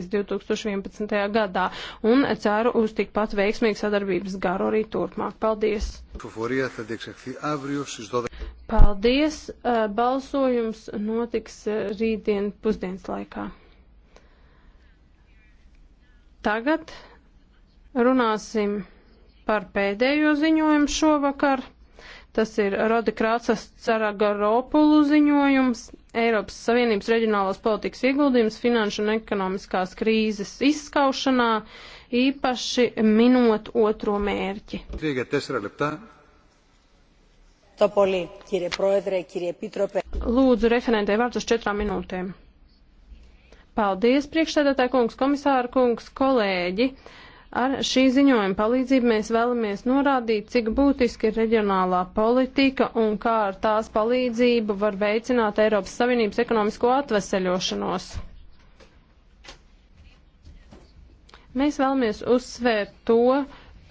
2011. gadā un ceru uz tikpat veiksmīgu sadarbības garu arī turpmāk. Paldies! Paldies! Eh, balsojums notiks eh, rītdien pusdienas laikā. Tagad runāsim par pēdējo ziņojumu šovakar. Tas ir Rodikrācas Caragaropulu ziņojums Eiropas Savienības reģionālās politikas ieguldījums finanšu un ekonomiskās krīzes izskaušanā, īpaši minot otro mērķi. Lūdzu, referentē vārds uz četrām minūtēm. Paldies, priekšsēdētāji kungs, komisāra kungs, kolēģi. Uh, Ar šī ziņojuma palīdzību mēs vēlamies norādīt, cik būtiski ir reģionālā politika un kā ar tās palīdzību var veicināt Eiropas Savienības ekonomisko atveseļošanos. Mēs vēlamies uzsvērt to,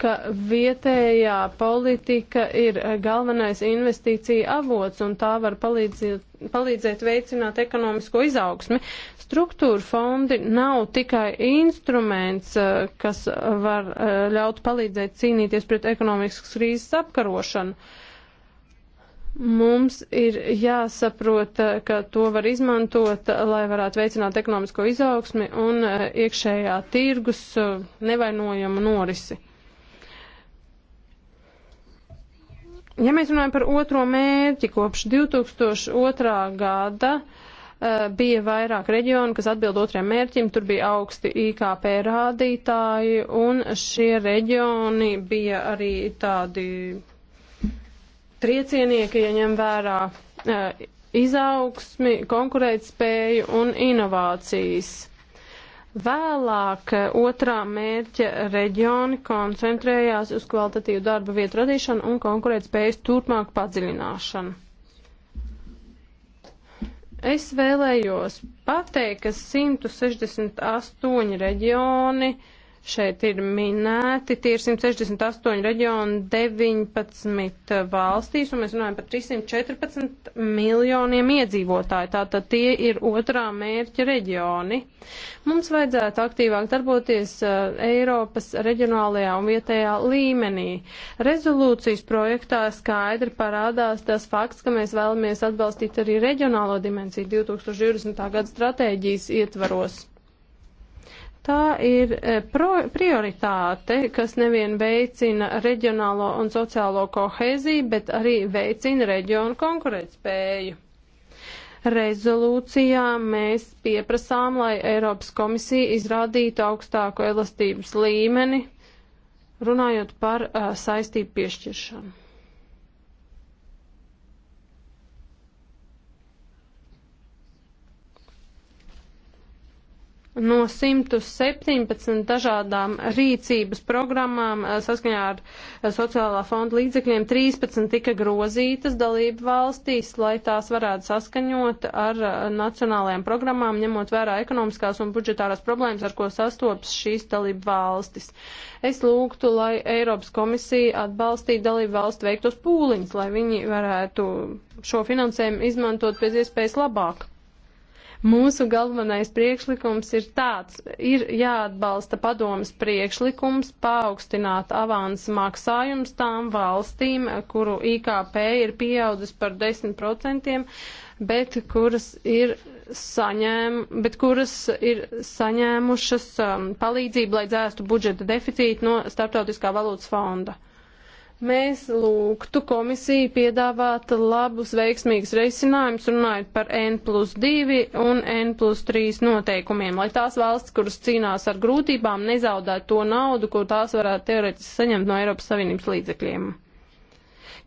ka vietējā politika ir galvenais investīcija avots un tā var palīdzēt, palīdzēt veicināt ekonomisko izaugsmi. Struktūra fondi nav tikai instruments, eh, kas var eh, ļaut palīdzēt cīnīties pret ekonomikas krīzes apkarošanu. Mums ir jāsaprot, eh, ka to var izmantot, lai varētu veicināt ekonomisko izaugsmi un iekšējā tirgus nevainojumu norisi. Ja mēs runājam par otro mērķi, kopš 2002. gada eh, bija vairāk reģionu, kas atbild otriem mērķim, tur bija augsti IKP rādītāji, un šie reģioni bija arī tādi triecienieki, ja ņem vērā eh, izaugsmi, konkurētspēju un inovācijas. Vēlāk eh, otrā mērķa reģioni koncentrējās uz kvalitatīvu darba vietu radīšanu un konkurētspējas turpmāk padziļināšanu. Es vēlējos pateikt, ka 168 reģioni uh, šeit ir minēti. Tie ir 168 reģioni 19 valstīs, un mēs runājam par 314 miljoniem iedzīvotāju. Tātad tie ir otrā mērķa reģioni. Mums vajadzētu aktīvāk darboties uh, Eiropas reģionālajā un vietējā līmenī. Rezolūcijas projektā skaidri parādās tas fakts, ka mēs vēlamies atbalstīt arī reģionālo dimensiju 2020. gada stratēģijas ietvaros. Tā ir eh, pro, prioritāte, kas nevien veicina reģionālo un sociālo kohēziju, bet arī veicina reģionu konkurētspēju. Rezolūcijā mēs pieprasām, lai Eiropas komisija izrādītu augstāko elastības līmeni, runājot par uh, saistību piešķiršanu. no 117 dažādām rīcības programmām eh, saskaņā ar eh, sociālā fonda līdzekļiem 13 tika grozītas dalību valstīs, lai tās varētu saskaņot ar eh, nacionālajām programmām, ņemot vērā ekonomiskās un budžetārās problēmas, ar ko sastopas šīs dalību valstis. Es lūgtu, lai Eiropas komisija atbalstītu dalību valstu veiktos pūliņus, lai viņi varētu šo finansējumu izmantot pēc iespējas labāk. Mūsu galvenais priekšlikums ir tāds, ir jāatbalsta padomas priekšlikums paaugstināt avans maksājums tām valstīm, kuru IKP ir pieaudzis par 10%, bet kuras ir saņēm, bet kuras ir saņēmušas um, palīdzību, lai dzēstu budžeta deficītu no Startautiskā valūtas fonda. Mēs lūgtu komisiju piedāvāt labus, veiksmīgus risinājumus, runājot par N plus 2 un N plus 3 noteikumiem, lai tās valsts, kuras cīnās ar grūtībām, nezaudētu to naudu, ko tās varētu teoretiski saņemt no Eiropas Savienības līdzekļiem.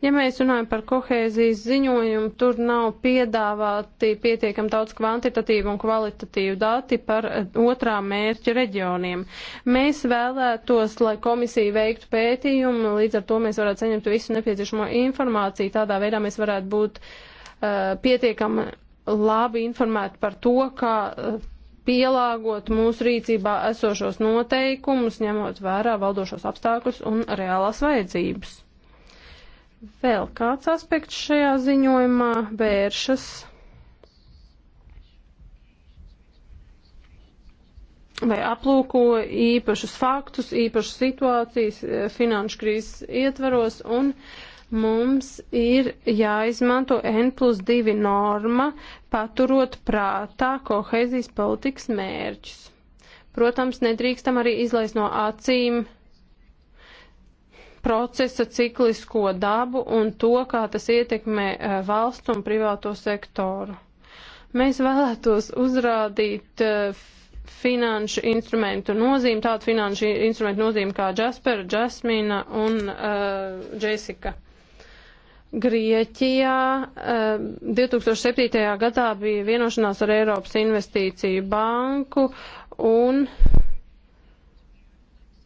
Ja mēs runājam par kohēzijas ziņojumu, tur nav piedāvāti pietiekam daudz kvantitatīvu un kvalitatīvu dati par eh, otrā mērķa reģioniem. Mēs vēlētos, lai komisija veiktu pētījumu, līdz ar to mēs varētu saņemt visu nepieciešamo informāciju, tādā veidā mēs varētu būt uh, eh, pietiekami labi informēti par to, kā uh, pielāgot mūsu rīcībā esošos noteikumus, ņemot vērā valdošos apstākļus un reālās vajadzības. Vēl kāds aspekts šajā ziņojumā vēršas. Vai aplūko īpašus faktus, īpašas situācijas eh, finanšu krīzes ietvaros un mums ir jāizmanto N plus 2 norma, paturot prātā kohēzijas politikas mērķus. Protams, nedrīkstam arī izlaist no acīm uh, procesa ciklisko dabu un to, kā tas ietekmē eh, valsts un privāto sektoru. Mēs vēlētos uzrādīt eh, finanšu instrumentu nozīmi, tādu finanšu instrumentu nozīmi kā Jasper, Jasmina un uh, Jessica. Grieķijā 2007. gadā bija vienošanās ar Eiropas investīciju banku un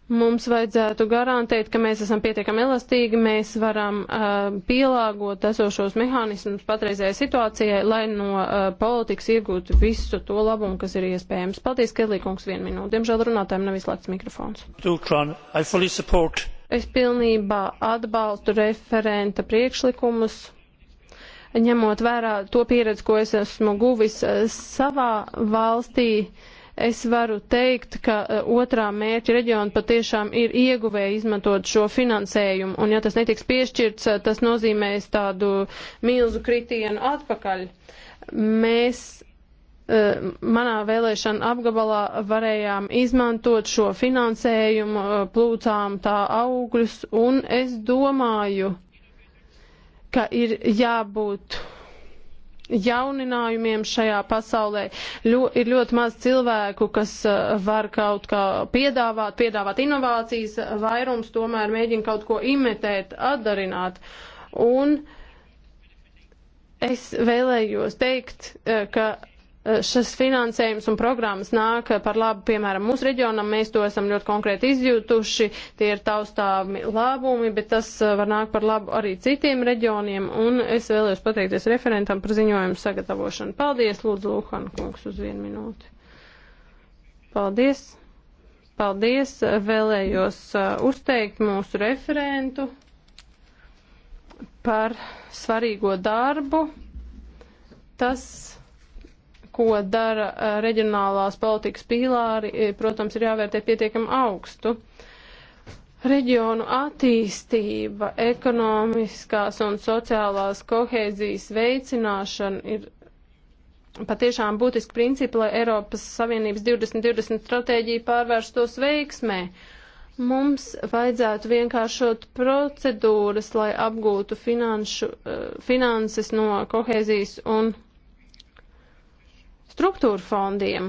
Mums vajadzētu garantēt, ka mēs esam pietiekami elastīgi, mēs varam uh, pielāgot esošos mehānismus patreizējai situācijai, lai no uh, politikas iegūtu visu to labumu, kas ir iespējams. Paldies, Kedlīkungs, vienu minūti. Diemžēl runātājiem nav izslēgts mikrofons. Dukran, es pilnībā atbalstu referenta priekšlikumus, ņemot vērā to pieredzi, ko es esmu guvis uh, savā valstī. Uh, es varu teikt, ka e, otrā mērķa reģiona patiešām ir ieguvēja izmantot šo finansējumu, un ja tas netiks piešķirts, e, tas nozīmēs tādu milzu kritienu atpakaļ. Mēs e, manā vēlēšana apgabalā varējām izmantot šo finansējumu, plūcām tā augļus, un es domāju, ka ir jābūt jauninājumiem šajā pasaulē. Ļo, ir ļoti maz cilvēku, kas eh, var kaut kā piedāvāt, piedāvāt inovācijas, vairums tomēr mēģina kaut ko imitēt, atdarināt. Un es vēlējos teikt, eh, ka Eh, šis finansējums un programmas nāk par labu, piemēram, mūsu reģionam, mēs to esam ļoti konkrēti izjūtuši, tie ir taustāmi labumi, bet tas eh, var nākt par labu arī citiem reģioniem, un es vēlējos pateikties referentam par ziņojumu sagatavošanu. Paldies, Lūdzu, Lūhan kungs, uz vienu minūti. Paldies. Paldies, vēlējos eh, uzteikt mūsu referentu par svarīgo darbu. Tas ko dara eh, reģionālās politikas pīlāri, eh, protams, ir jāvērtē pietiekami augstu. Reģionu attīstība, ekonomiskās un sociālās kohēzijas veicināšana ir patiešām būtiski principi, lai Eiropas Savienības 2020 stratēģija pārvērstos veiksmē. Mums vajadzētu vienkāršot procedūras, lai apgūtu finanšu, eh, finanses no kohēzijas un struktūra fondiem.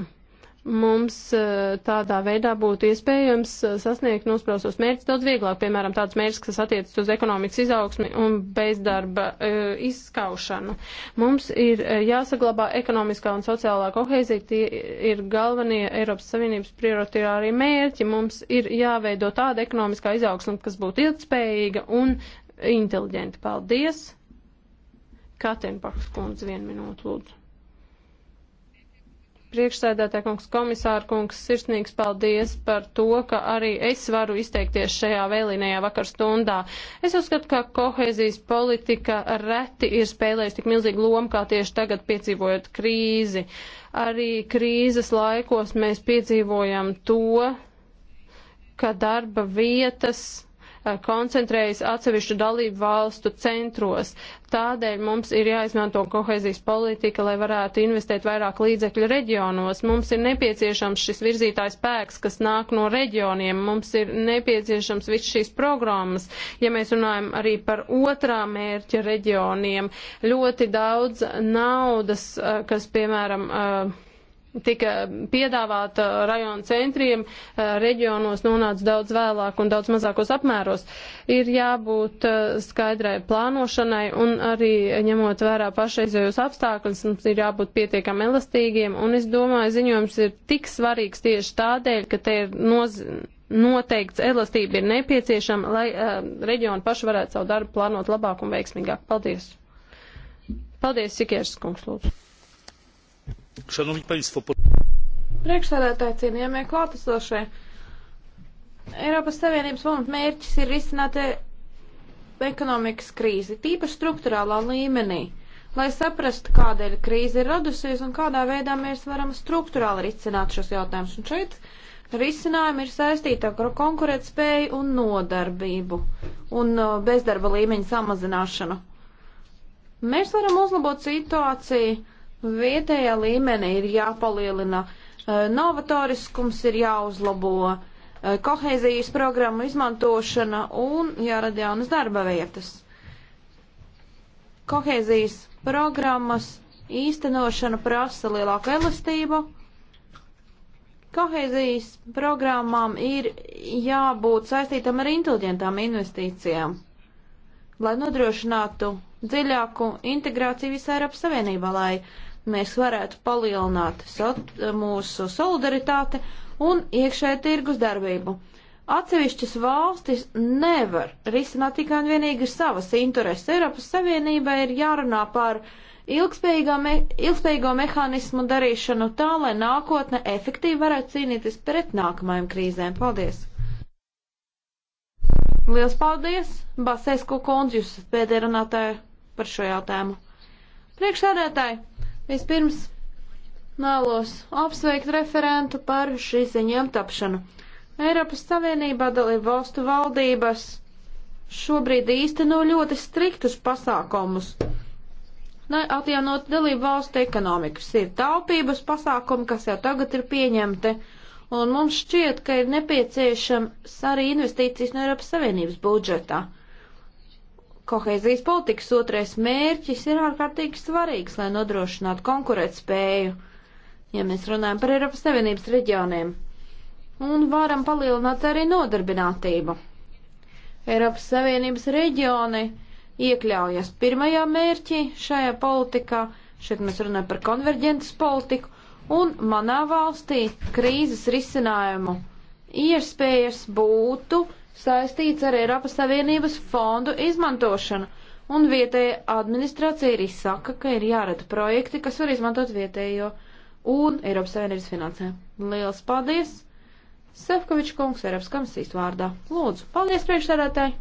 Mums eh, tādā veidā būtu iespējams eh, sasniegt nospraustos mērķus daudz vieglāk, piemēram, tāds mērķis, kas attiecas uz ekonomikas izaugsmi un bezdarba eh, izskaušanu. Mums ir jāsaglabā ekonomiskā un sociālā kohēzija, tie ir galvenie Eiropas Savienības prioritārie mērķi. Mums ir jāveido tāda ekonomiskā izaugsme, kas būtu ilgspējīga un inteliģenta. Paldies! Katenbaks kundze, vienu minūtu lūdzu. Priekšsēdētāja kungs, komisāra kungs, sirsnīgs paldies par to, ka arī es varu izteikties šajā vēlīnajā vakar stundā. Es uzskatu, ka kohēzijas politika reti ir spēlējusi tik milzīgu lomu, kā tieši tagad piedzīvojot krīzi. Arī krīzes laikos mēs piedzīvojam to, ka darba vietas Eh, koncentrējas atsevišķu dalību valstu centros. Tādēļ mums ir jāizmanto kohēzijas politika, lai varētu investēt vairāk līdzekļu reģionos. Mums ir nepieciešams šis virzītājs spēks, kas nāk no reģioniem. Mums ir nepieciešams viss šīs programmas. Ja mēs runājam arī par otrā mērķa reģioniem, ļoti daudz naudas, eh, kas, piemēram, eh, tika piedāvāta uh, rajonu centriem, uh, reģionos nonāca daudz vēlāk un daudz mazākos apmēros. Ir jābūt uh, skaidrai plānošanai un arī ņemot vērā pašreizējos apstākļus, mums ir jābūt pietiekam elastīgiem un es domāju, ziņojums ir tik svarīgs tieši tādēļ, ka te ir noz noteikts elastība ir nepieciešama, lai uh, reģioni paši varētu savu darbu plānot labāk un veiksmīgāk. Paldies! Paldies, Sikieris kungs, lūdzu! Šanovī paļsvo. Priekšsēdētāji, cienījamie klātesošie, Eiropas Savienības pamatmērķis ir risināt e- ekonomikas krīzi, tīpaši struktūrālā līmenī, lai saprastu, kādēļ krīze ir radusies un kādā veidā mēs varam struktūrāli risināt šos jautājumus. Un šeit risinājumi ir saistīti ar konkurētspēju un nodarbību un e, bezdarba līmeņa samazināšanu. Mēs varam uzlabot situāciju Vietējā līmenī ir jāpalielina e, novatoriskums, ir jāuzlabo e, kohēzijas programmu izmantošana un jārada jaunas darba vietas. Kohēzijas programmas īstenošana prasa lielāku elastību. Kohēzijas programmām ir jābūt saistītam ar inteliģentām investīcijām, lai nodrošinātu dziļāku integrāciju visā Eiropas Savienībā, lai mēs varētu palielināt sot, mūsu solidaritāti un iekšēju tirgus darbību. Atsevišķas valstis nevar risināt tikai un vienīgi savas intereses. Eiropas Savienībai ir jārunā par me, ilgspējīgo mehānismu darīšanu tā, lai nākotne efektīvi varētu cīnīties pret nākamajām krīzēm. Paldies! Liels paldies, Basēsku kundze, jūs pēdējā runātāja par šo jautājumu. Priekšsēdētāji! Vispirms vēlos apsveikt referentu par šī ziņām tapšanu. Eiropas Savienībā dalību valstu valdības šobrīd īsteno ļoti striktus pasākumus, lai atjaunotu dalību valstu ekonomikas. Ir taupības pasākumi, kas jau tagad ir pieņemti, un mums šķiet, ka ir nepieciešams arī investīcijas no Eiropas Savienības budžetā. Koheizijas politikas otrais mērķis ir ārkārtīgi svarīgs, lai nodrošinātu konkurētspēju, ja mēs runājam par Eiropas Savienības reģioniem, un varam palielināt arī nodarbinātību. Eiropas Savienības reģioni iekļaujas pirmajā mērķī šajā politikā, šeit mēs runājam par konverģentas politiku, un manā valstī krīzes risinājumu iespējas būtu saistīts ar Eiropas Savienības fondu izmantošanu, un vietēja administrācija arī saka, ka ir jārada projekti, kas var izmantot vietējo un Eiropas Savienības finansēm. Lielas paldies! Sefkovičs kungs Eiropas komisijas vārdā. Lūdzu, paldies priekšsēdētāji!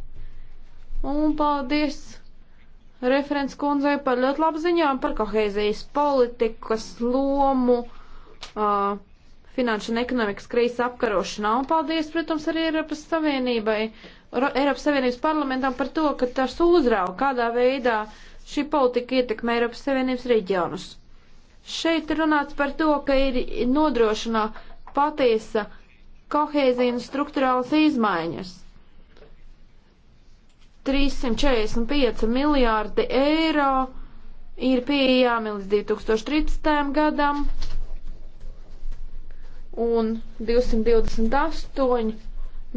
Un paldies referents kundzei par ļoti labu ziņām par kohēzijas politikas lomu. Uh, finanšu un ekonomikas krīzes apkarošanā. Un paldies, protams, arī Eiropas Savienībai, Eiropas Savienības parlamentam par to, ka tas uzrauga, kādā veidā šī politika ietekmē Eiropas Savienības reģionus. Šeit runāts par to, ka ir nodrošinā patiesa kohēzija un struktūrālas izmaiņas. 345 miljārdi eiro ir pieejami līdz 2030. gadam un 228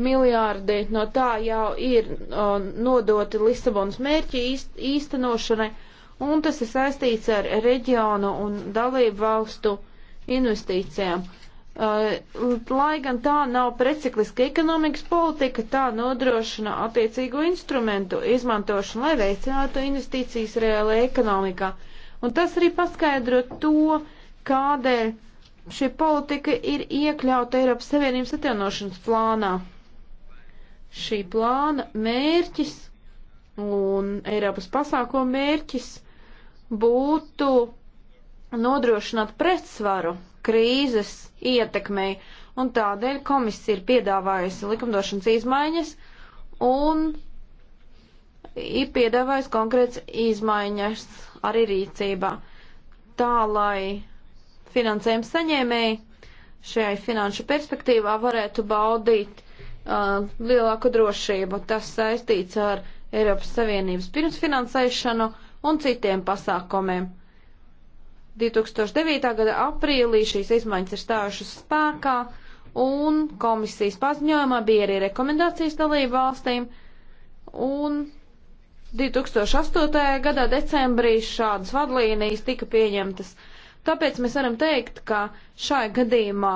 miljārdi no tā jau ir uh, nodoti Lisabonas mērķi īst, īstenošanai, un tas ir saistīts ar reģionu un dalību valstu investīcijām. Uh, lai gan tā nav precikliska ekonomikas politika, tā nodrošina attiecīgo instrumentu izmantošanu, lai veicinātu investīcijas reālajā ekonomikā. Un tas arī paskaidro to, kādēļ uh, šī politika ir iekļauta Eiropas Savienības atjaunošanas plānā. Šī plāna mērķis un Eiropas pasākuma mērķis būtu nodrošināt pretsvaru krīzes ietekmei, un tādēļ komisija ir piedāvājusi likumdošanas izmaiņas un ir piedāvājusi konkrēts izmaiņas arī rīcībā, tā lai finansējuma saņēmēji šajai finanšu perspektīvā varētu baudīt uh, lielāku drošību. Tas saistīts ar Eiropas Savienības pirmsfinansēšanu un citiem pasākumiem. 2009. gada aprīlī šīs izmaiņas ir stājušas spēkā un komisijas paziņojumā bija arī rekomendācijas dalību valstīm un 2008. gadā decembrī šādas vadlīnijas tika pieņemtas uh, Tāpēc mēs varam teikt, ka šai gadījumā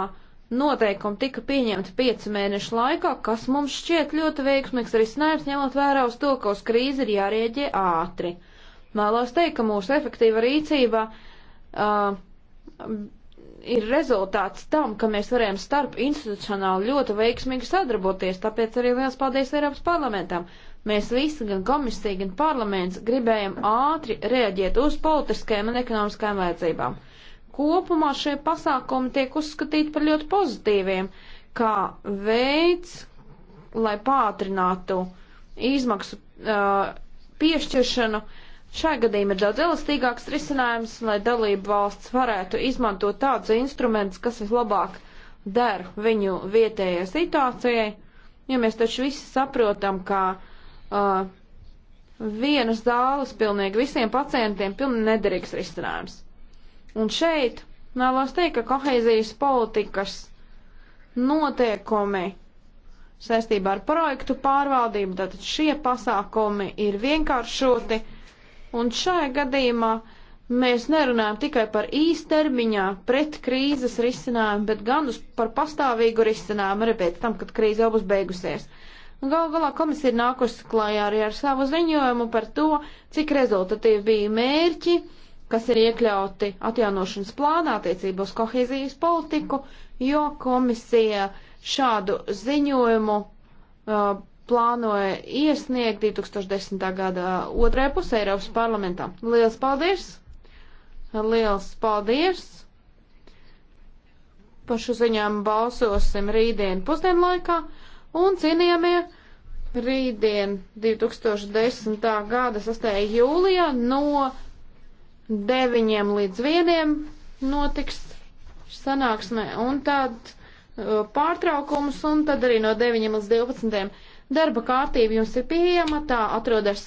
noteikumi tika pieņemti piecu mēnešu laikā, kas mums šķiet ļoti veiksmīgs risinājums, ņemot vērā uz to, ka uz krīzi ir jārieģē ātri. Vēlos teikt, ka mūsu efektīva rīcība uh, ir rezultāts tam, ka mēs varējām starp institucionāli ļoti veiksmīgi sadarboties, tāpēc arī liels paldies Eiropas parlamentam. Mēs visi, gan komisija, gan parlaments, gribējam ātri reaģēt uz politiskajām un ekonomiskajām vajadzībām. Kopumā šie pasākumi tiek uzskatīti par ļoti pozitīviem, kā veids, lai pātrinātu izmaksu uh, piešķiršanu. Šai gadījumā ir daudz elastīgāks risinājums, lai dalību valsts varētu izmantot tādus instrumentus, kas vislabāk der viņu vietējai situācijai, jo mēs taču visi saprotam, ka uh, vienas zāles pilnīgi visiem pacientiem pilnīgi nederīgs risinājums. Un šeit vēlos teikt, ka kohēzijas politikas notiekumi saistībā ar projektu pārvaldību, tātad šie pasākumi ir vienkāršoti, un šajā gadījumā mēs nerunājam tikai par īstermiņā pret krīzes risinājumu, bet gan uz par pastāvīgu risinājumu arī pēc tam, kad krīze jau būs beigusies. Galu galā komisija ir nākusi klājā arī ar savu ziņojumu par to, cik rezultatīvi bija mērķi, uh, kas ir iekļauti atjaunošanas plānā attiecībā uz kohēzijas politiku, jo komisija šādu ziņojumu uh, plānoja iesniegt 2010. gada otrajā pusē Eiropas parlamentā. Liels paldies! Liels paldies! Par šo ziņām balsosim rītdien pusdienlaikā un cienījamie rītdien 2010. gada 6. jūlijā no 9 līdz 1 notiks sanāksme un tad uh, pārtraukums un tad arī no 9 līdz 12. Darba kārtība jums ir pieejama, tā atrodas